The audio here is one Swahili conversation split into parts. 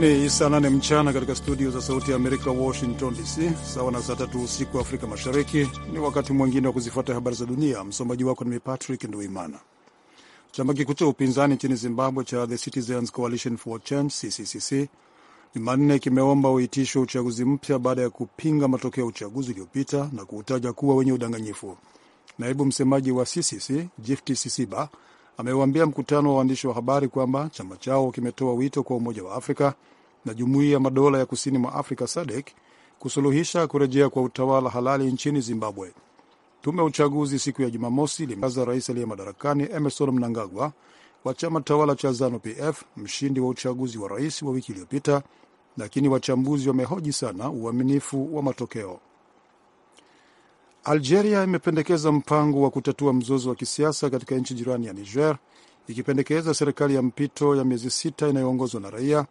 Ni saa nane mchana katika studio za Sauti ya Amerika, Washington DC, sawa na saa tatu usiku wa Afrika Mashariki. Ni wakati mwingine wa kuzifuata habari za dunia. Msomaji wako ni Patrick Nduimana. Chama kikuu cha upinzani nchini Zimbabwe cha The Citizens Coalition for Change, CCCC, Jumanne kimeomba uitisho uchaguzi mpya baada ya kupinga matokeo ya uchaguzi uliopita na kuutaja kuwa wenye udanganyifu. Naibu msemaji wa CCC Gift Sisiba ameuambia mkutano wa waandishi wa habari kwamba chama chao kimetoa wito kwa Umoja wa Afrika na Jumuiya ya Madola ya Kusini mwa Afrika SADC kusuluhisha kurejea kwa utawala halali nchini Zimbabwe. Tume ya uchaguzi siku ya Jumamosi ilimtangaza rais aliye madarakani Emerson Mnangagwa wa chama tawala cha ZANU-PF mshindi wa uchaguzi wa rais wa wiki iliyopita, lakini wachambuzi wamehoji sana uaminifu wa matokeo. Algeria imependekeza mpango wa kutatua mzozo wa kisiasa katika nchi jirani ya Niger, ikipendekeza serikali ya mpito ya miezi sita inayoongozwa na raia.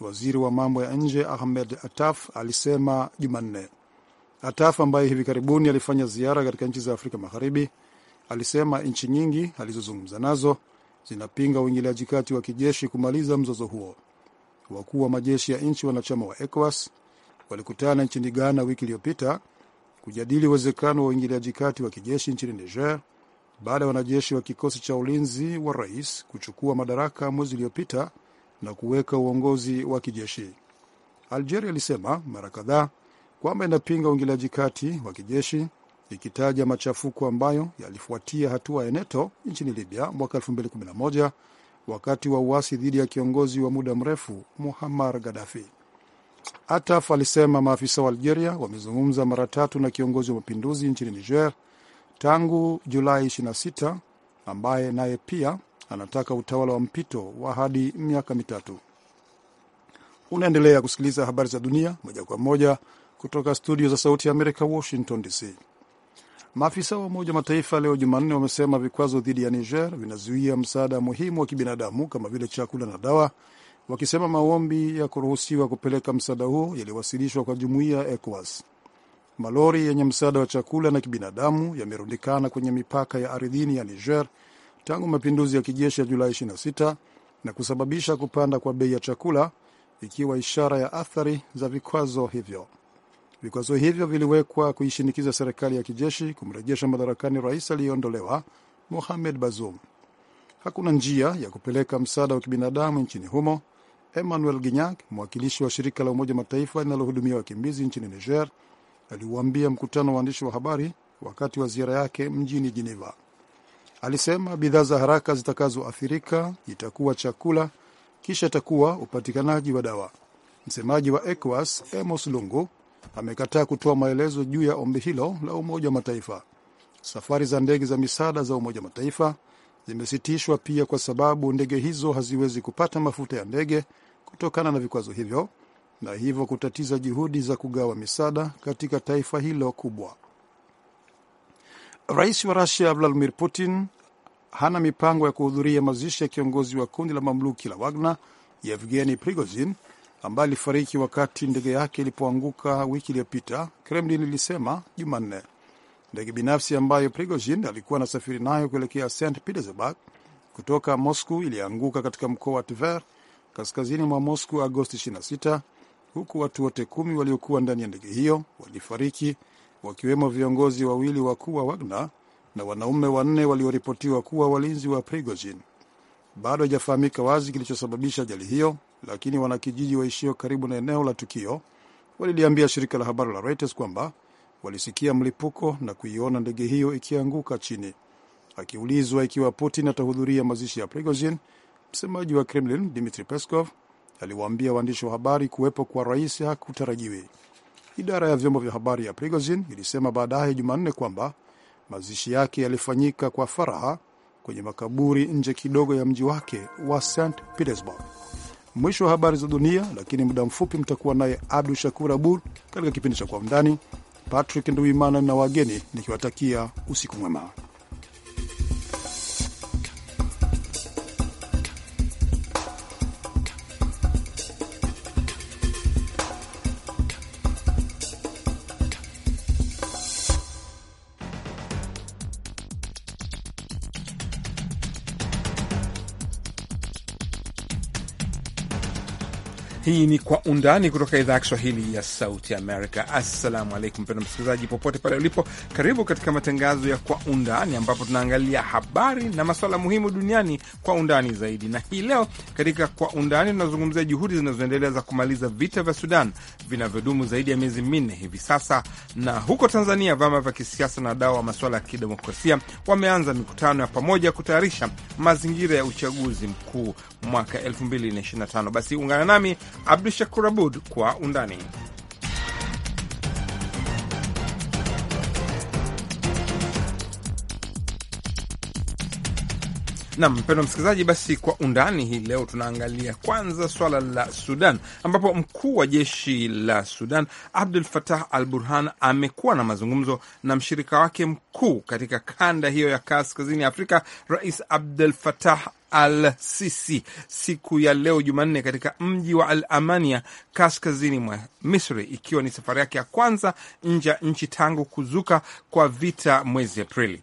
Waziri wa mambo ya nje Ahmed Ataf alisema Jumanne. Ataf ambaye hivi karibuni alifanya ziara katika nchi za Afrika Magharibi alisema nchi nyingi alizozungumza nazo zinapinga uingiliaji kati wa kijeshi kumaliza mzozo huo. Wakuu wa majeshi ya nchi wanachama wa ECOWAS walikutana nchini Ghana wiki iliyopita kujadili uwezekano wa uingiliaji kati wa kijeshi nchini Niger baada ya wanajeshi wa kikosi cha ulinzi wa rais kuchukua madaraka mwezi uliopita na kuweka uongozi wa kijeshi. Algeria ilisema mara kadhaa kwamba inapinga uingiliaji kati wa kijeshi ikitaja machafuko ambayo yalifuatia hatua ya NATO nchini Libya mwaka 2011 wakati wa uasi dhidi ya kiongozi wa muda mrefu Muhammar Gaddafi. Ataf alisema maafisa wa Algeria wamezungumza mara tatu na kiongozi wa mapinduzi nchini Niger tangu Julai 26 ambaye naye pia anataka utawala wa mpito wa hadi miaka mitatu. Unaendelea kusikiliza habari za dunia moja kwa moja kutoka studio za Sauti ya Amerika, Washington DC. Maafisa wa Umoja wa Mataifa leo Jumanne wamesema vikwazo dhidi ya Niger vinazuia msaada muhimu wa kibinadamu kama vile chakula na dawa wakisema maombi ya kuruhusiwa kupeleka msaada huo yaliwasilishwa kwa jumuiya ya ECOWAS. Malori yenye msaada wa chakula na kibinadamu yamerundikana kwenye mipaka ya ardhini ya Niger tangu mapinduzi ya kijeshi ya Julai 26 na kusababisha kupanda kwa bei ya chakula, ikiwa ishara ya athari za vikwazo hivyo. Vikwazo hivyo viliwekwa kuishinikiza serikali ya kijeshi kumrejesha madarakani rais aliyeondolewa Mohamed Bazoum. Hakuna njia ya kupeleka msaada wa kibinadamu nchini humo Emmanuel Guignac, mwakilishi wa shirika la Umoja Mataifa linalohudumia wakimbizi nchini Niger, aliuambia mkutano wa waandishi wa habari wakati wa ziara yake mjini Geneva. Alisema bidhaa za haraka zitakazoathirika itakuwa chakula, kisha itakuwa upatikanaji wa dawa. Msemaji wa ECOWAS Amos Lungu amekataa kutoa maelezo juu ya ombi hilo la Umoja wa Mataifa. Safari za ndege za misaada za Umoja wa Mataifa zimesitishwa pia kwa sababu ndege hizo haziwezi kupata mafuta ya ndege kutokana na vikwazo hivyo na hivyo kutatiza juhudi za kugawa misaada katika taifa hilo kubwa. Rais wa Rusia Vladimir Putin hana mipango ya kuhudhuria mazishi ya kiongozi wa kundi la mamluki la Wagner Yevgeni Prigozhin ambaye alifariki wakati ndege yake ilipoanguka wiki iliyopita, Kremlin ilisema Jumanne. Ndege binafsi ambayo Prigozhin alikuwa anasafiri nayo kuelekea St Petersburg kutoka Moscow ilianguka katika mkoa wa Tver kaskazini mwa Moscow Agosti 26 huku watu wote kumi waliokuwa ndani ya ndege hiyo walifariki, wakiwemo viongozi wawili wakuu wa Wagner na wanaume wanne walioripotiwa kuwa walinzi wa Prigozhin. Bado haijafahamika wazi kilichosababisha ajali hiyo, lakini wanakijiji waishio karibu na eneo la tukio waliliambia shirika la habari la Reuters kwamba walisikia mlipuko na kuiona ndege hiyo ikianguka chini. Akiulizwa ikiwa Putin atahudhuria mazishi ya Prigozhin, Msemaji wa Kremlin Dmitri Peskov aliwaambia waandishi wa habari kuwepo kwa rais hakutarajiwi. Idara ya vyombo vya habari ya Prigozhin ilisema baadaye Jumanne kwamba mazishi yake yalifanyika kwa faraha kwenye makaburi nje kidogo ya mji wake wa St Petersburg. Mwisho wa habari za dunia, lakini muda mfupi mtakuwa naye Abdu Shakur Abud katika kipindi cha Kwa Undani. Patrick Nduimana na wageni nikiwatakia usiku mwema. Hii ni Kwa Undani kutoka idhaa ya Kiswahili ya Sauti Amerika. Assalamu alaikum, mpendwa msikilizaji, popote pale ulipo, karibu katika matangazo ya Kwa Undani ambapo tunaangalia habari na masuala muhimu duniani kwa undani zaidi. Na hii leo katika Kwa Undani tunazungumzia juhudi zinazoendelea za kumaliza vita vya Sudan vinavyodumu zaidi ya miezi minne hivi sasa. Na huko Tanzania, vyama vya kisiasa na wadau wa masuala ya kidemokrasia wameanza mikutano ya pamoja kutayarisha mazingira ya uchaguzi mkuu mwaka 2025. Basi ungana nami Abdu Shakur Abud kwa undani Nam mpendwa msikilizaji, basi kwa undani hii leo tunaangalia kwanza swala la Sudan, ambapo mkuu wa jeshi la Sudan Abdul Fatah al Burhan amekuwa na mazungumzo na mshirika wake mkuu katika kanda hiyo ya kaskazini Afrika, Rais Abdul Fatah al Sisi siku ya leo Jumanne katika mji wa Al Amania kaskazini mwa Misri, ikiwa ni safari yake ya kwanza nje ya nchi tangu kuzuka kwa vita mwezi Aprili.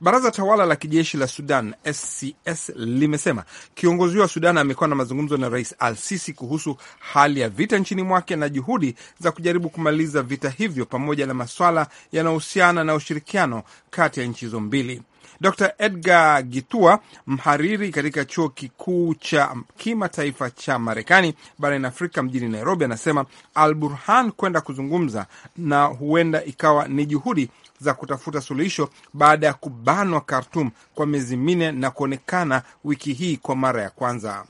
Baraza tawala la kijeshi la Sudan SCS limesema kiongozi wa Sudan amekuwa na mazungumzo na Rais Al Sisi kuhusu hali ya vita nchini mwake na juhudi za kujaribu kumaliza vita hivyo pamoja na maswala yanayohusiana na ushirikiano kati ya nchi hizo mbili. Dr Edgar Gitua, mhariri katika chuo kikuu cha kimataifa cha Marekani barani Afrika mjini Nairobi, anasema Al Burhan kwenda kuzungumza na huenda ikawa ni juhudi za kutafuta suluhisho baada ya kubanwa Khartum kwa miezi minne na kuonekana wiki hii kwa mara ya kwanza.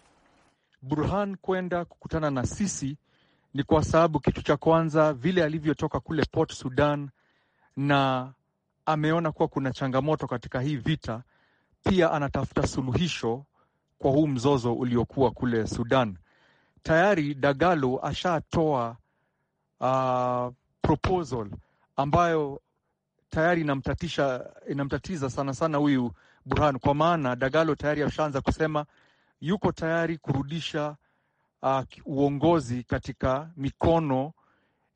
Burhan kwenda kukutana na sisi ni kwa sababu kitu cha kwanza, vile alivyotoka kule Port Sudan na ameona kuwa kuna changamoto katika hii vita, pia anatafuta suluhisho kwa huu mzozo uliokuwa kule Sudan. Tayari Dagalo ashatoa uh, proposal ambayo tayari inamtatisha, inamtatiza sana sana huyu Burhan, kwa maana Dagalo tayari ashaanza kusema yuko tayari kurudisha uh, uongozi katika mikono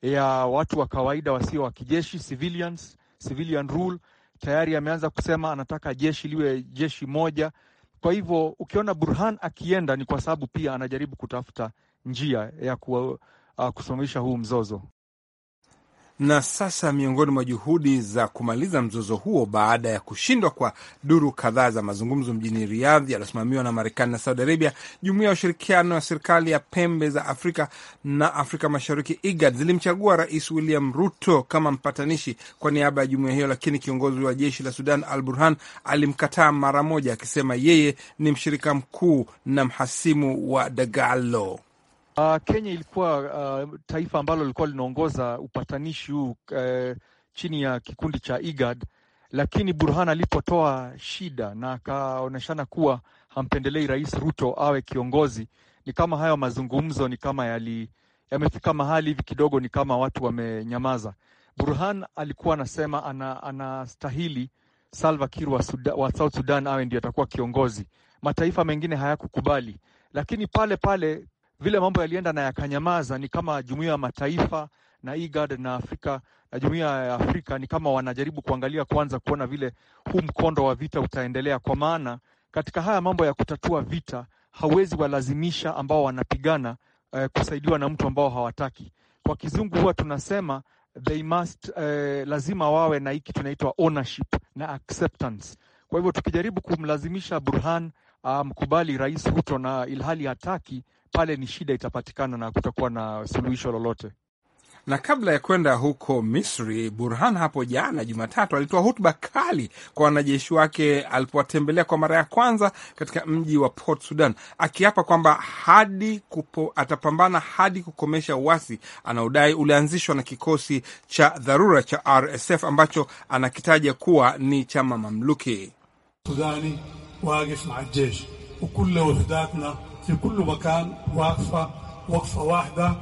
ya watu wa kawaida wasio wa kijeshi civilians, civilian rule. Tayari ameanza kusema anataka jeshi liwe jeshi moja. Kwa hivyo ukiona Burhan akienda ni kwa sababu pia anajaribu kutafuta njia ya ku, uh, ah, kusimamisha huu mzozo na sasa miongoni mwa juhudi za kumaliza mzozo huo baada ya kushindwa kwa duru kadhaa za mazungumzo mjini Riyadh yaliyosimamiwa na Marekani na Saudi Arabia, jumuiya ya ushirikiano ya serikali ya pembe za Afrika na Afrika Mashariki, IGAD, zilimchagua Rais William Ruto kama mpatanishi kwa niaba ya jumuiya hiyo, lakini kiongozi wa jeshi la Sudan Al Burhan alimkataa mara moja, akisema yeye ni mshirika mkuu na mhasimu wa Dagalo. Uh, Kenya ilikuwa uh, taifa ambalo lilikuwa linaongoza upatanishi huu uh, chini ya kikundi cha IGAD, lakini Burhan alipotoa shida na akaoneshana kuwa hampendelei Rais Ruto awe kiongozi, ni kama hayo mazungumzo ni kama yali yamefika mahali hivi kidogo, ni kama watu wamenyamaza. Burhan alikuwa anasema anastahili ana Salva Kiir wa, wa South Sudan awe ndio atakuwa kiongozi. Mataifa mengine hayakukubali, lakini pale pale vile mambo yalienda na yakanyamaza, ni kama jumuiya ya mataifa na IGAD na Afrika na jumuiya ya Afrika ni kama wanajaribu kuangalia kwanza kuona vile huu mkondo wa vita utaendelea, kwa maana katika haya mambo ya kutatua vita hawezi walazimisha ambao wanapigana eh, kusaidiwa na mtu ambao hawataki. Kwa kizungu huwa tunasema they must, eh, lazima wawe na hiki tunaitwa ownership na acceptance. Kwa hivyo tukijaribu kumlazimisha Burhan ah, mkubali um, Rais Ruto na ilhali hataki pale ni shida itapatikana na kutakuwa na suluhisho lolote. Na kabla ya kwenda huko Misri, Burhan hapo jana Jumatatu alitoa hotuba kali kwa wanajeshi wake alipowatembelea kwa mara ya kwanza katika mji wa Port Sudan, akiapa kwamba hadi kupo, atapambana hadi kukomesha uasi anaodai ulianzishwa na kikosi cha dharura cha RSF ambacho anakitaja kuwa ni chama mamluki Sudani, fi kulli makan waqfa waqfa wahda.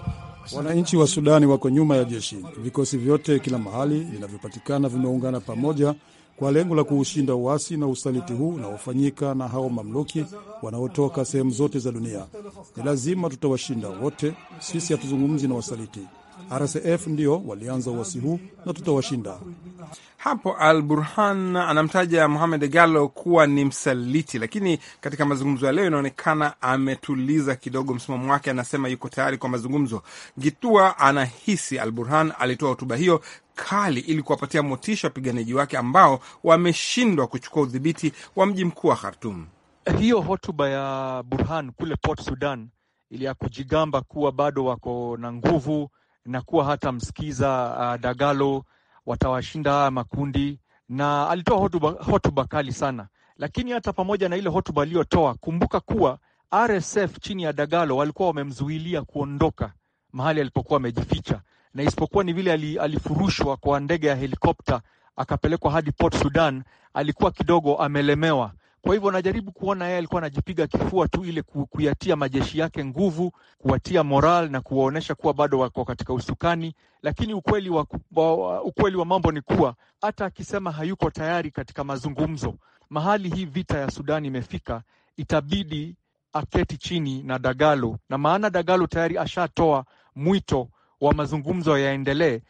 Wananchi wa Sudani wako nyuma ya jeshi. Vikosi vyote kila mahali vinavyopatikana vimeungana pamoja kwa lengo la kuushinda uasi na usaliti huu unaofanyika na hao mamluki wanaotoka sehemu zote za dunia. Ni lazima tutawashinda wote. Sisi hatuzungumzi na wasaliti. RSF ndio walianza uasi huu na tutawashinda. Hapo Al Burhan anamtaja muhamed Galo kuwa ni msaliti, lakini katika mazungumzo ya leo inaonekana ametuliza kidogo msimamo wake, anasema yuko tayari kwa mazungumzo. Gitua anahisi Al Burhan alitoa hotuba hiyo kali ili kuwapatia motisha wapiganaji wake ambao wameshindwa kuchukua udhibiti wa mji mkuu wa Khartum. Hiyo hotuba ya Burhan kule Port Sudan ili ya kujigamba kuwa bado wako na nguvu na kuwa msikiza uh, Dagalo, watawashinda haya makundi, na alitoa hotuba, hotuba kali sana. Lakini hata pamoja na ile hotuba aliyotoa, kumbuka kuwa RSF chini ya Dagalo walikuwa wamemzuilia kuondoka mahali alipokuwa amejificha, na isipokuwa ni vile alifurushwa kwa ndege ya helikopta akapelekwa hadi Port Sudan, alikuwa kidogo amelemewa kwa hivyo najaribu kuona yeye alikuwa anajipiga kifua tu ile kuyatia majeshi yake nguvu, kuwatia moral na kuwaonyesha kuwa bado wako katika usukani, lakini ukweli wa, wa, ukweli wa mambo ni kuwa hata akisema hayuko tayari katika mazungumzo, mahali hii vita ya Sudani imefika, itabidi aketi chini na Dagalo, na maana Dagalo tayari ashatoa mwito wa mazungumzo yaendelee.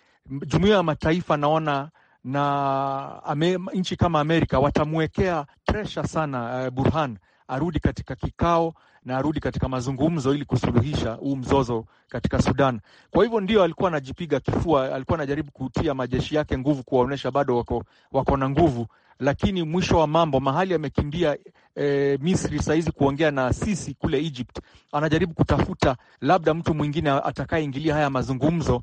Jumuiya ya Mataifa naona na ame, nchi kama Amerika watamwekea pressure sana uh, Burhan arudi katika kikao na arudi katika mazungumzo ili kusuluhisha huu mzozo katika Sudan. Kwa hivyo ndio alikuwa anajipiga kifua, alikuwa anajaribu kutia majeshi yake nguvu, kuwaonyesha bado wako, wako na nguvu, lakini mwisho wa mambo mahali amekimbia e, Misri sahizi kuongea na sisi kule Egypt, anajaribu kutafuta labda mtu mwingine atakayeingilia haya mazungumzo,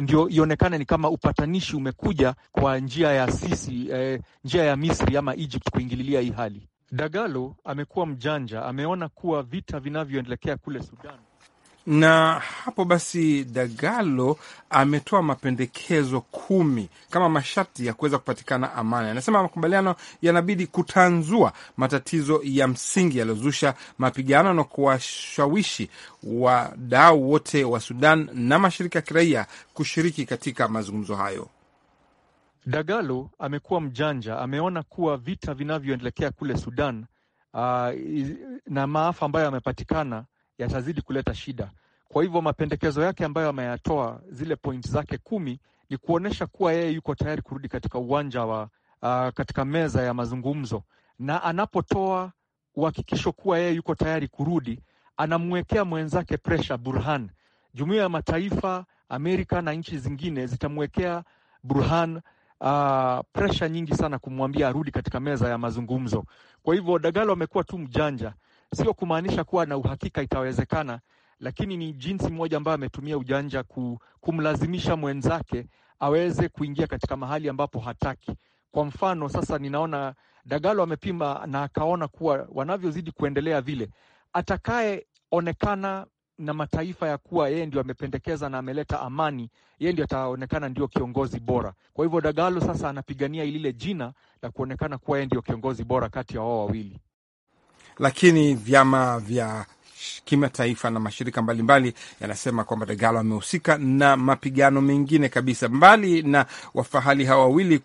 ndio ionekane ni kama upatanishi umekuja kwa njia ya sisi e, njia ya Misri ama Egypt kuingililia hii hali. Dagalo amekuwa mjanja, ameona kuwa vita vinavyoendelea kule Sudan na hapo basi Dagalo ametoa mapendekezo kumi kama masharti ya kuweza kupatikana amani. Anasema makubaliano yanabidi kutanzua matatizo ya msingi yaliyozusha mapigano na kuwashawishi wadau wote wa Sudan na mashirika ya kiraia kushiriki katika mazungumzo hayo. Dagalo amekuwa mjanja, ameona kuwa vita vinavyoendelekea kule Sudan uh, na maafa ambayo yamepatikana yatazidi kuleta shida. Kwa hivyo mapendekezo yake ambayo ameyatoa, zile point zake kumi, ni kuonyesha kuwa yeye yuko tayari kurudi katika uwanja wa uh, katika meza ya mazungumzo, na anapotoa uhakikisho kuwa yeye yuko tayari kurudi, anamwekea mwenzake pressure Burhan. Jumuiya ya Mataifa, Amerika na nchi zingine zitamwekea Burhan uh, pressure nyingi sana kumwambia arudi katika meza ya mazungumzo. Kwa hivyo Dagalo amekuwa tu mjanja, Sio kumaanisha kuwa na uhakika itawezekana, lakini ni jinsi mmoja ambayo ametumia ujanja kumlazimisha mwenzake aweze kuingia katika mahali ambapo hataki. Kwa mfano sasa, ninaona Dagalo amepima na akaona kuwa wanavyozidi kuendelea vile, atakayeonekana na mataifa ya kuwa yeye ndio amependekeza na ameleta amani, yeye ndio ataonekana ndio kiongozi bora. Kwa hivyo Dagalo sasa anapigania lile jina la kuonekana kuwa yeye ndio kiongozi bora kati ya wao wawili lakini vyama vya kimataifa na mashirika mbalimbali yanasema kwamba Degalo amehusika na mapigano mengine kabisa, mbali na wafahali hawa wawili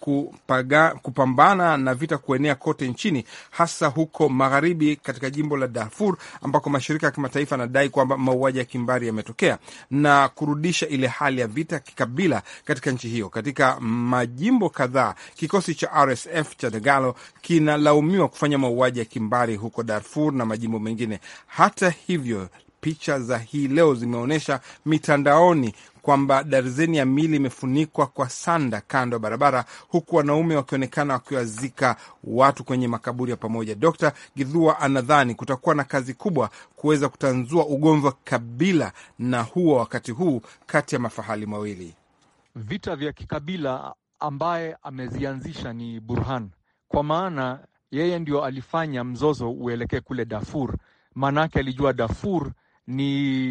kupambana na vita kuenea kote nchini, hasa huko magharibi katika jimbo la Darfur ambako mashirika ya kimataifa yanadai kwamba mauaji ya kimbari yametokea na kurudisha ile hali ya vita kikabila katika nchi hiyo. Katika majimbo kadhaa, kikosi cha RSF cha Dagalo kinalaumiwa kufanya mauaji ya kimbari huko Darfur na majimbo mengine hata hivyo picha za hii leo zimeonyesha mitandaoni kwamba darzeni ya mili imefunikwa kwa sanda kando ya barabara, huku wanaume wakionekana wakiwazika watu kwenye makaburi ya pamoja. Dkt Gidhua anadhani kutakuwa na kazi kubwa kuweza kutanzua ugomvi wa kabila na huo wakati huu kati ya mafahali mawili. Vita vya kikabila ambaye amezianzisha ni Burhan, kwa maana yeye ndio alifanya mzozo uelekee kule Darfur maanake alijua Darfur ni,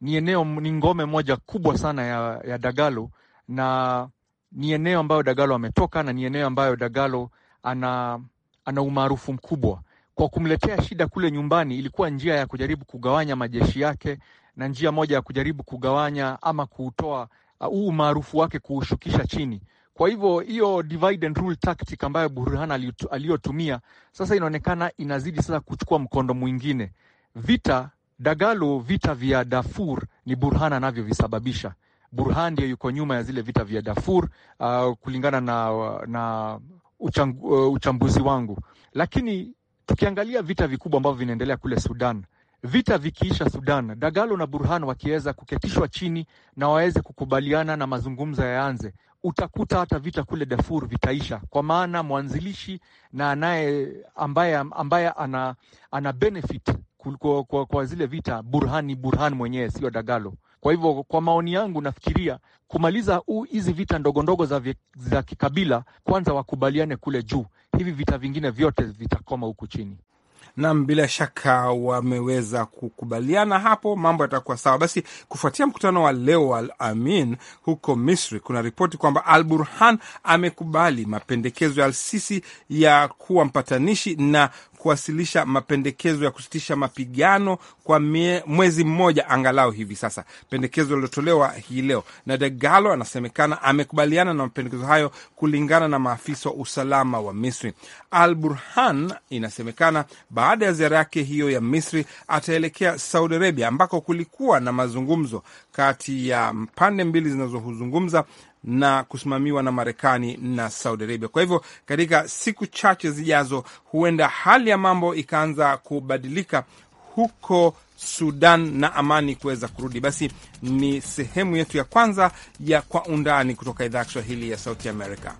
ni eneo ni ngome moja kubwa sana ya, ya Dagalo na ni eneo ambayo Dagalo ametoka na ni eneo ambayo Dagalo ana, ana umaarufu mkubwa. Kwa kumletea shida kule nyumbani ilikuwa njia ya kujaribu kugawanya majeshi yake na njia moja ya kujaribu kugawanya ama kuutoa uh, huu uh, umaarufu wake kuushukisha chini. Kwa hivyo hiyo divide and rule tactic ambayo Burhan aliyotumia sasa inaonekana inazidi sasa kuchukua mkondo mwingine. Vita Dagalo, vita vya Darfur ni Burhan anavyovisababisha. Burhan ndiyo yuko nyuma ya zile vita vya Darfur, uh, kulingana na, na uchang, uh, uchambuzi wangu. Lakini tukiangalia vita vikubwa ambavyo vinaendelea kule Sudan, Vita vikiisha Sudan, Dagalo na Burhan wakiweza kuketishwa chini na waweze kukubaliana na mazungumzo yaanze, utakuta hata vita kule Darfur vitaisha, kwa maana mwanzilishi na anaye ambaye, ambaye ana, ana benefit kwa, kwa, kwa zile vita Burhan ni Burhan mwenyewe, sio Dagalo. Kwa hivyo kwa maoni yangu nafikiria kumaliza hizi vita ndogondogo za, za kikabila kwanza wakubaliane kule juu, hivi vita vingine vyote vitakoma huku chini. Nam, bila shaka wameweza kukubaliana hapo, mambo yatakuwa sawa. Basi kufuatia mkutano wa leo Al Amin huko Misri, kuna ripoti kwamba Al Burhan amekubali mapendekezo ya Al Sisi ya kuwa mpatanishi na kuwasilisha mapendekezo ya kusitisha mapigano kwa mie, mwezi mmoja angalau hivi sasa, pendekezo lilotolewa hii leo na Degalo Anasemekana amekubaliana na mapendekezo hayo kulingana na maafisa wa usalama wa Misri. Al Burhan inasemekana baada ya ziara yake hiyo ya Misri ataelekea Saudi Arabia ambako kulikuwa na mazungumzo kati ya pande mbili zinazozungumza na kusimamiwa na Marekani na Saudi Arabia. Kwa hivyo katika siku chache zijazo, huenda hali ya mambo ikaanza kubadilika huko Sudan na amani kuweza kurudi. Basi ni sehemu yetu ya kwanza ya Kwa Undani kutoka idhaa ya Kiswahili ya Sauti Amerika.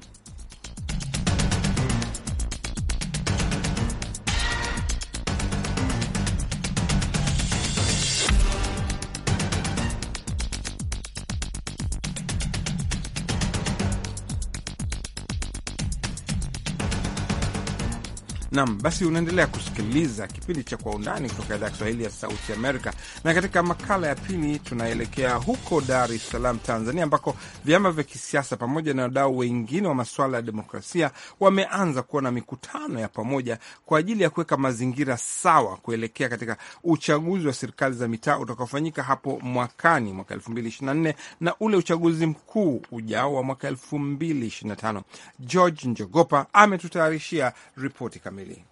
Nam, basi unaendelea kusikiliza kipindi cha Kwa Undani kutoka idhaa ya Kiswahili ya Sauti Amerika, na katika makala ya pili tunaelekea huko Dar es Salaam, Tanzania, ambako vyama vya kisiasa pamoja na wadau wengine wa masuala ya demokrasia wameanza kuwa na mikutano ya pamoja kwa ajili ya kuweka mazingira sawa kuelekea katika uchaguzi wa serikali za mitaa utakaofanyika hapo mwakani mwaka 2024 na ule uchaguzi mkuu ujao wa mwaka 2025. George Njogopa ametutayarishia ripoti kamili kamili.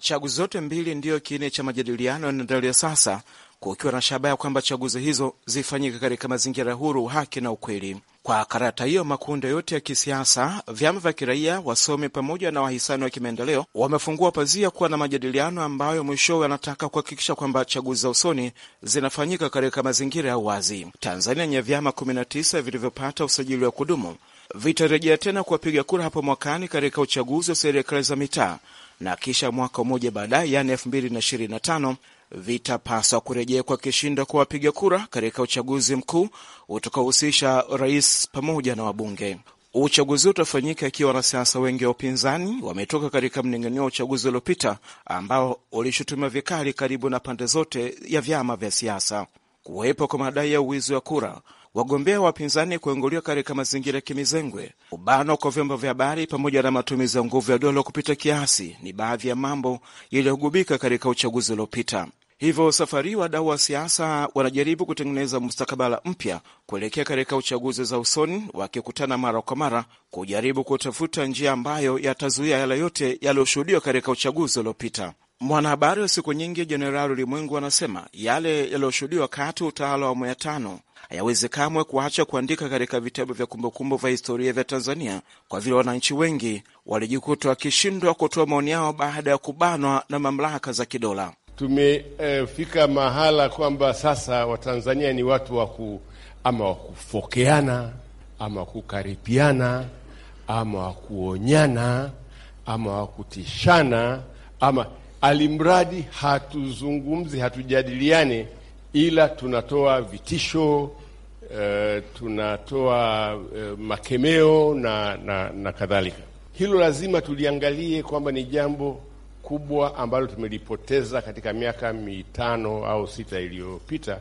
Chaguzi zote mbili ndiyo kiini cha majadiliano yanaendelea sasa, kukiwa na shabaha ya kwamba chaguzi hizo zifanyike katika mazingira huru, haki na ukweli. Kwa karata hiyo, makundi yote ya kisiasa, vyama vya kiraia, wasomi pamoja na wahisani wa kimaendeleo wamefungua pazia kuwa na majadiliano ambayo mwishowe anataka kuhakikisha kwamba chaguzi za usoni zinafanyika katika mazingira ya uwazi. Tanzania yenye vyama 19 vilivyopata usajili wa kudumu vitarejea tena kuwapiga kura hapo mwakani katika uchaguzi wa serikali za mitaa na kisha mwaka mmoja baadaye, yaani na tano vitapaswa kurejea kwa kishindo kwa wapiga kura katika uchaguzi mkuu utakaohusisha rais pamoja na wabunge. Uchaguzi utafanyika ikiwa wanasiasa wengi wa upinzani wametoka katika mnengenio wa uchaguzi uliopita ambao ulishutumiwa vikali karibu na pande zote ya vyama vya siasa. Kuwepo kwa madai ya uwizi wa kura wagombea wapinzani kuinguliwa katika mazingira ya kimizengwe, ubano kwa vyombo vya habari pamoja na matumizi ya nguvu ya dola kupita kiasi ni baadhi ya mambo yaliyogubika katika uchaguzi uliopita. Hivyo safari wadau wa siasa wanajaribu kutengeneza mustakabala mpya kuelekea katika uchaguzi za usoni, wakikutana mara kwa mara kujaribu kutafuta njia ambayo yatazuia yale yote yaliyoshuhudiwa katika uchaguzi uliopita. Mwanahabari wa siku nyingi Jenerali Ulimwengu anasema yale yaliyoshuhudiwa kati utawala wa awamu ya tano hayawezi kamwe kuacha kuandika katika vitabu vya kumbukumbu vya historia vya Tanzania, kwa vile wananchi wengi walijikuta wakishindwa kutoa maoni yao baada ya kubanwa na mamlaka za kidola. Tumefika eh, mahala kwamba sasa Watanzania ni watu waku ama wakufokeana ama wakukaripiana ama wakuonyana ama wakutishana ama alimradi hatuzungumzi, hatujadiliane ila tunatoa vitisho uh, tunatoa uh, makemeo na, na, na kadhalika. Hilo lazima tuliangalie kwamba ni jambo kubwa ambalo tumelipoteza katika miaka mitano au sita iliyopita,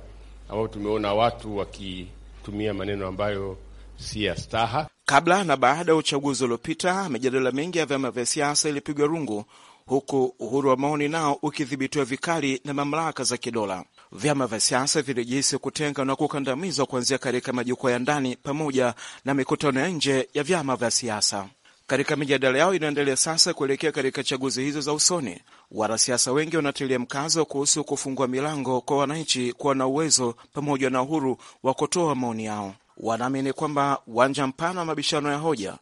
ambapo tumeona watu wakitumia maneno ambayo si ya staha. Kabla na baada ya uchaguzi uliopita, mijadala mengi ya vyama vya siasa ilipigwa rungu, huku uhuru wa maoni nao ukidhibitiwa vikali na mamlaka za kidola vyama vya siasa vilijihisi kutenga na kukandamizwa kuanzia katika majukwaa ya ndani pamoja na mikutano ya nje ya vyama vya siasa. Katika mijadala yao inaendelea sasa kuelekea katika chaguzi hizo za usoni, wanasiasa wengi wanatilia mkazo kuhusu kufungua milango kwa wananchi kuwa na uwezo pamoja na uhuru wa kutoa maoni yao. Wanaamini kwamba uwanja mpana wa mabishano ya hoja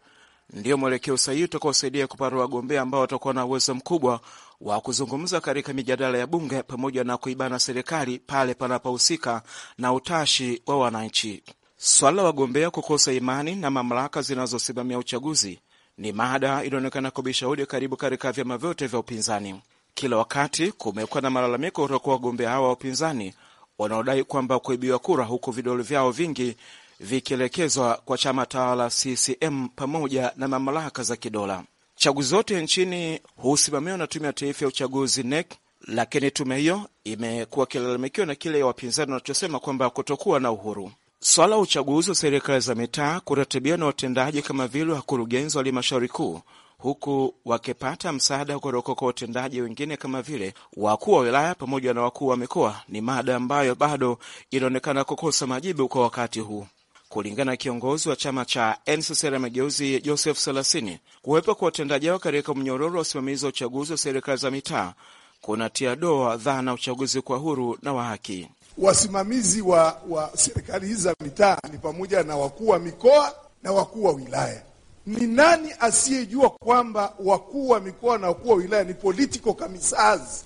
ndiyo mwelekeo sahihi utakaosaidia kupata wagombea ambao watakuwa na uwezo mkubwa wa kuzungumza katika mijadala ya bunge pamoja na kuibana serikali pale panapohusika na utashi wa wananchi. Swala la wagombea kukosa imani na mamlaka zinazosimamia uchaguzi ni mada inaonekana kubishaudi karibu katika vyama vyote vya upinzani. Kila wakati kumekuwa na malalamiko kutoka wagombea hawa wa upinzani wanaodai kwamba kuibiwa kura, huku vidole vyao vingi vikielekezwa kwa chama tawala CCM pamoja na mamlaka za kidola. Chaguzi zote nchini husimamiwa na tume ya taifa ya uchaguzi NEC, lakini tume hiyo imekuwa ikilalamikiwa na kile wapinzani wanachosema kwamba kutokuwa na uhuru. Swala la uchaguzi wa serikali za mitaa kuratibiwa na watendaji kama vile wakurugenzi wa halmashauri kuu huku wakipata msaada kutoka kwa watendaji wengine kama vile wakuu wa wilaya pamoja na wakuu wa mikoa, ni mada ambayo bado inaonekana kukosa majibu kwa wakati huu. Kulingana na kiongozi wa chama cha NCCR Mageuzi, Joseph Salasini, kuwepo kwa watendaji hao katika mnyororo wa usimamizi wa uchaguzi wa serikali za mitaa kunatia doa dhana uchaguzi kwa huru na wa haki. Wasimamizi wa, wa serikali hizi za mitaa ni pamoja na wakuu wa mikoa na wakuu wa wilaya. Ni nani asiyejua kwamba wakuu wa mikoa na wakuu wa wilaya ni political commissars?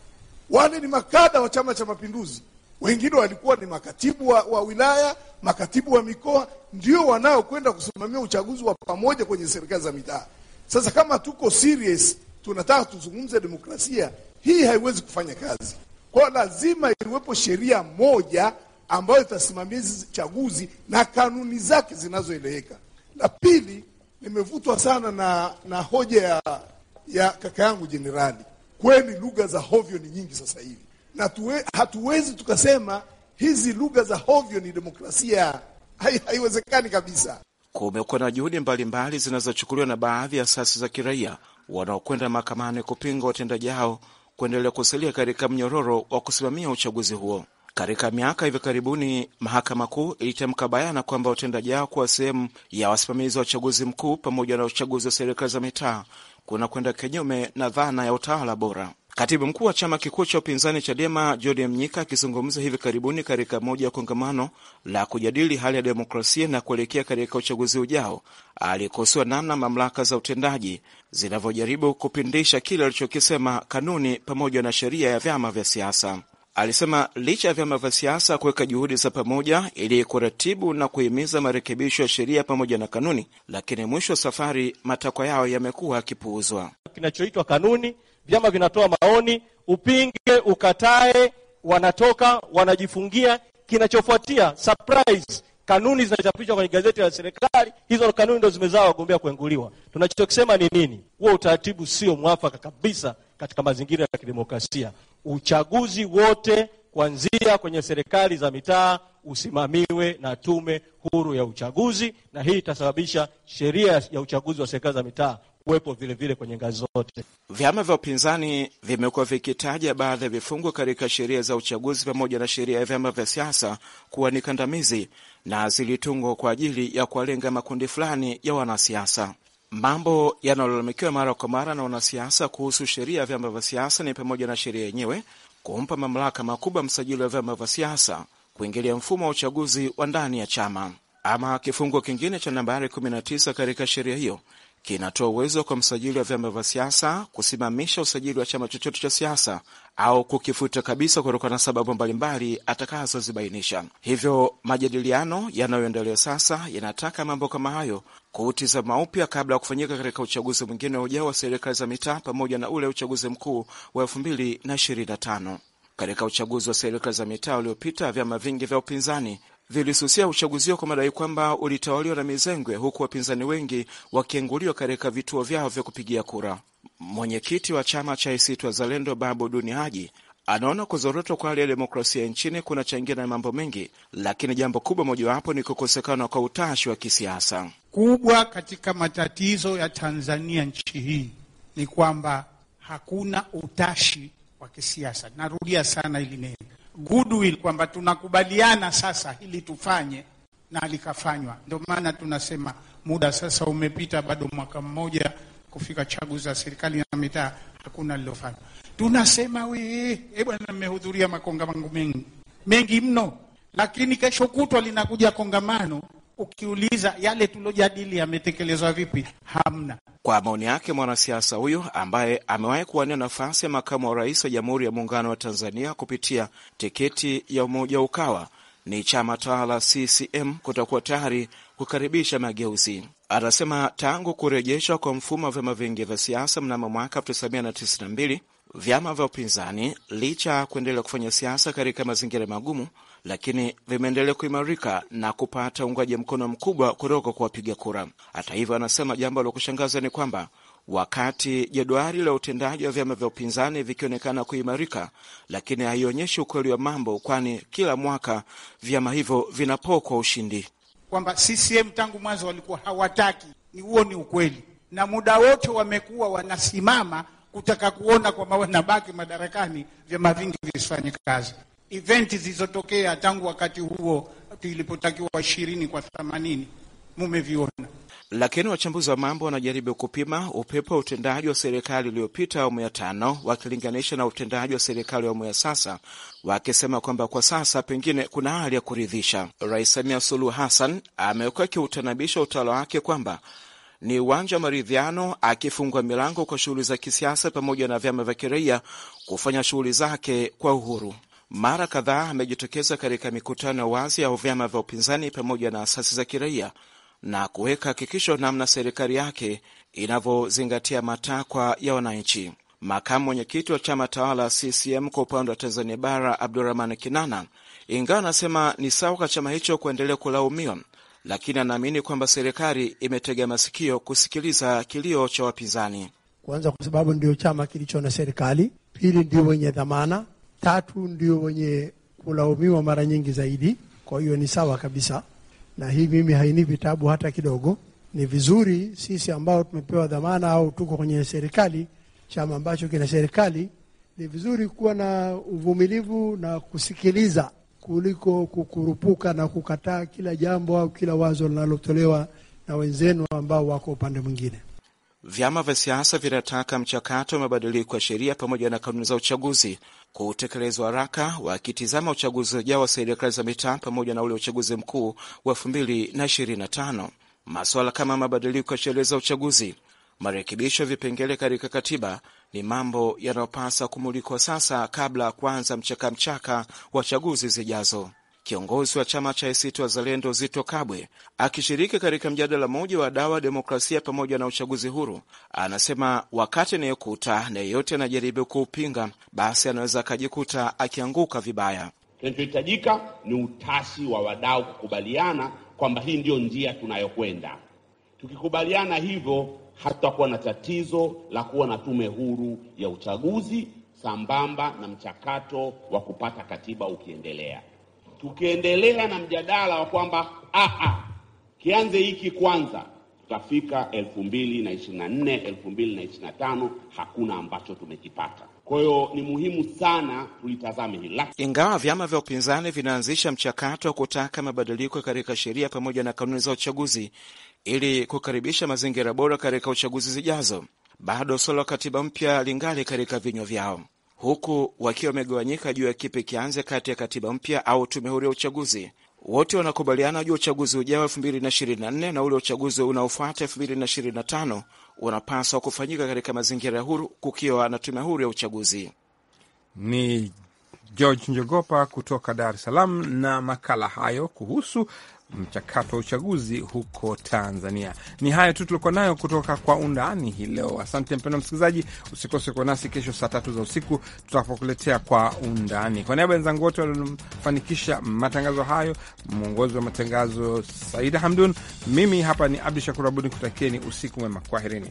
Wale ni makada wa Chama cha Mapinduzi wengine walikuwa ni makatibu wa, wa wilaya, makatibu wa mikoa, ndio wanaokwenda kusimamia uchaguzi wa pamoja kwenye serikali za mitaa. Sasa kama tuko serious, tunataka tuzungumze demokrasia, hii haiwezi kufanya kazi. Kwa lazima iwepo sheria moja ambayo itasimamia hizi chaguzi na kanuni zake zinazoeleweka. La pili, nimevutwa sana na, na hoja ya, ya kaka yangu jenerali. Kweli lugha za hovyo ni nyingi sasa hivi na tuwe, hatuwezi tukasema hizi lugha za hovyo ni demokrasia. Haiwezekani kabisa. Kumekuwa na juhudi mbalimbali zinazochukuliwa na baadhi ya asasi za kiraia wanaokwenda mahakamani kupinga watendaji hao kuendelea kusalia katika mnyororo wa kusimamia uchaguzi huo. Katika miaka hivi karibuni, mahakama kuu ilitamka bayana kwamba watendaji hao kuwa sehemu ya wasimamizi wa uchaguzi mkuu pamoja na uchaguzi wa serikali za mitaa kuna kwenda kinyume na dhana ya utawala bora. Katibu mkuu wa chama kikuu cha upinzani Chadema John Mnyika akizungumza hivi karibuni katika moja ya kongamano la kujadili hali ya demokrasia na kuelekea katika uchaguzi ujao, alikosoa namna mamlaka za utendaji zinavyojaribu kupindisha kile alichokisema kanuni pamoja na sheria ya vyama vya siasa. Alisema licha ya vyama vya siasa kuweka juhudi za pamoja ili kuratibu na kuhimiza marekebisho ya sheria pamoja na kanuni, lakini mwisho wa safari matakwa yao yamekuwa yakipuuzwa. Kinachoitwa kanuni vyama vinatoa maoni, upinge, ukatae, wanatoka wanajifungia. Kinachofuatia surprise, kanuni zinachapishwa kwenye gazeti la serikali. Hizo kanuni ndo zimezaa wagombea kuenguliwa. Tunachokisema ni nini? Huo utaratibu sio mwafaka kabisa katika mazingira ya kidemokrasia. Uchaguzi wote kuanzia kwenye serikali za mitaa usimamiwe na tume huru ya uchaguzi, na hii itasababisha sheria ya uchaguzi wa serikali za mitaa kuwepo vilevile kwenye ngazi zote. Vyama vya upinzani vimekuwa vikitaja baadhi ya vifungu katika sheria za uchaguzi pamoja na sheria ya vyama vya siasa kuwa ni kandamizi na zilitungwa kwa ajili ya kuwalenga makundi fulani ya wanasiasa. Mambo yanayolalamikiwa mara kwa mara na wanasiasa kuhusu sheria ya vyama vya siasa ni pamoja na sheria yenyewe kumpa mamlaka makubwa msajili wa vyama vya siasa kuingilia mfumo wa uchaguzi wa ndani ya chama. Ama kifungu kingine cha nambari 19 katika sheria hiyo kinatoa uwezo kwa msajili wa vyama vya siasa kusimamisha usajili wa chama chochote cha siasa au kukifuta kabisa kutokana na sababu mbalimbali atakazozibainisha. Hivyo majadiliano yanayoendelea sasa yanataka mambo kama hayo kuutiza upya kabla ya kufanyika katika uchaguzi mwingine ujao wa serikali za mitaa pamoja na ule uchaguzi mkuu wa tano. Katika uchaguzi wa serikali za mitaa uliopita, vyama vingi vya upinzani vilisusia uchaguzi kwa madai kwamba ulitawaliwa na mizengwe, huku wapinzani wengi wakienguliwa katika vituo vyao vya kupigia kura. Mwenyekiti wa chama cha ACT Wazalendo Babu Duni Haji anaona kuzorotwa kwa hali ya demokrasia nchini kunachangia na mambo mengi, lakini jambo kubwa mojawapo ni kukosekana kwa utashi wa kisiasa. Kubwa katika matatizo ya Tanzania nchi hii ni kwamba hakuna utashi wa kisiasa. Narudia sana hili neno, goodwill kwamba tunakubaliana sasa hili tufanye na likafanywa. Ndio maana tunasema muda sasa umepita, bado mwaka mmoja kufika chaguzi za serikali na mitaa, hakuna lilofanywa. Tunasema we, e bwana, mmehudhuria makongamano mengi mengi mno, lakini kesho kutwa linakuja kongamano ukiuliza yale tulojadili yametekelezwa vipi, hamna. Kwa maoni yake mwanasiasa huyu ambaye amewahi kuwania nafasi ya makamu wa rais wa Jamhuri ya Muungano wa Tanzania kupitia tiketi ya umoja Ukawa, ni chama tawala CCM kutakuwa tayari kukaribisha mageuzi. Anasema tangu kurejeshwa kwa mfumo wa vyama vingi vya siasa mnamo mwaka 1992 Vyama vya upinzani licha ya kuendelea kufanya siasa katika mazingira magumu, lakini vimeendelea kuimarika na kupata uungwaji mkono mkubwa kutoka kwa wapiga kura. Hata hivyo, anasema jambo la kushangaza ni kwamba wakati jedwali la utendaji wa vyama vya upinzani vikionekana kuimarika, lakini haionyeshi ukweli wa mambo, kwani kila mwaka vyama hivyo vinapokwa ushindi. Kwamba CCM tangu mwanzo walikuwa hawataki, ni huo ni ukweli, na muda wote wamekuwa wanasimama kutaka kuona kwamba wanabaki madarakani, vyama vingi visifanye kazi. Eventi zilizotokea tangu wakati huo tulipotakiwa ishirini kwa themanini mumeviona. Lakini wachambuzi wa mambo wanajaribu kupima upepo wa utendaji wa serikali iliyopita awamu ya tano wakilinganisha na utendaji wa serikali awamu ya sasa, wakisema kwamba kwa sasa pengine kuna hali ya kuridhisha. Rais Samia Suluhu Hassan amekuwa akiutanabisha utawala wake kwamba ni uwanja wa maridhiano, akifungwa milango kwa shughuli za kisiasa pamoja na vyama vya kiraia kufanya shughuli zake kwa uhuru. Mara kadhaa amejitokeza katika mikutano ya wazi au vyama vya upinzani pamoja na asasi za kiraia na kuweka hakikisho namna serikali yake inavyozingatia matakwa ya wananchi. Makamu mwenyekiti wa chama tawala CCM kwa upande wa Tanzania Bara, Abdurahman Kinana, ingawa anasema ni sawa kwa chama hicho kuendelea kulaumiwa lakini anaamini kwamba serikali imetega masikio kusikiliza kilio cha wapinzani. Kwanza kwa sababu ndio chama kilicho na serikali, pili ndio wenye dhamana, tatu ndio wenye kulaumiwa mara nyingi zaidi. Kwa hiyo ni sawa kabisa, na hii mimi hainipi tabu hata kidogo. Ni vizuri sisi ambao tumepewa dhamana au tuko kwenye serikali, chama ambacho kina serikali, ni vizuri kuwa na uvumilivu na kusikiliza kuliko kukurupuka na kukataa kila jambo au kila wazo linalotolewa na wenzenu ambao wako upande mwingine. Vyama vya siasa vinataka mchakato wa mabadiliko ya sheria pamoja na kanuni za uchaguzi kutekelezwa haraka, wakitizama uchaguzi ujao wa serikali za mitaa pamoja na ule uchaguzi mkuu wa tano. Masuala kama mabadiliko ya sheria za uchaguzi, marekebisho ya vipengele katika katiba ni mambo yanayopasa kumulikwa sasa kabla ya kuanza mchakamchaka wa chaguzi zijazo. Kiongozi wa chama cha ACT Wazalendo Zito Kabwe akishiriki katika mjadala mmoja wa dawa demokrasia pamoja na uchaguzi huru, anasema wakati anayekuta na yeyote anajaribu kuupinga, basi anaweza akajikuta akianguka vibaya. Kinachohitajika ni utasi wa wadau kukubaliana kwamba hii ndiyo njia tunayokwenda. Tukikubaliana hivyo hatutakuwa na tatizo la kuwa na tume huru ya uchaguzi sambamba na mchakato wa kupata katiba ukiendelea. Tukiendelea na mjadala wa kwamba kianze hiki kwanza, tutafika 2024 2025, hakuna ambacho tumekipata. Kwa hiyo ni muhimu sana tulitazame hili. Ingawa vyama vya upinzani vinaanzisha mchakato wa kutaka mabadiliko katika sheria pamoja na kanuni za uchaguzi, ili kukaribisha mazingira bora katika uchaguzi zijazo. Bado swala la katiba mpya lingali katika vinywa vyao, huku wakiwa wamegawanyika juu ya kipi kianze kati ya katiba mpya au tume huru ya uchaguzi. Wote wanakubaliana juu ya uchaguzi ujao mbili na ule uchaguzi unaofuata tano unapaswa kufanyika katika mazingira huru, kukiwa na tume huru ya uchaguzi. Ni George Njogopa kutoka Dar es Salaam na makala hayo kuhusu mchakato wa uchaguzi huko Tanzania. Ni hayo tu tuliokuwa nayo kutoka kwa undani hii leo. Asante mpendwa msikilizaji, usikose kuwa nasi kesho saa tatu za usiku tutakapokuletea kwa undani. Kwa niaba ya wenzangu wote waliofanikisha matangazo hayo, mwongozi wa matangazo Saida Hamdun, mimi hapa ni Abdu Shakur Abud, kutakieni usiku mwema, kwaherini.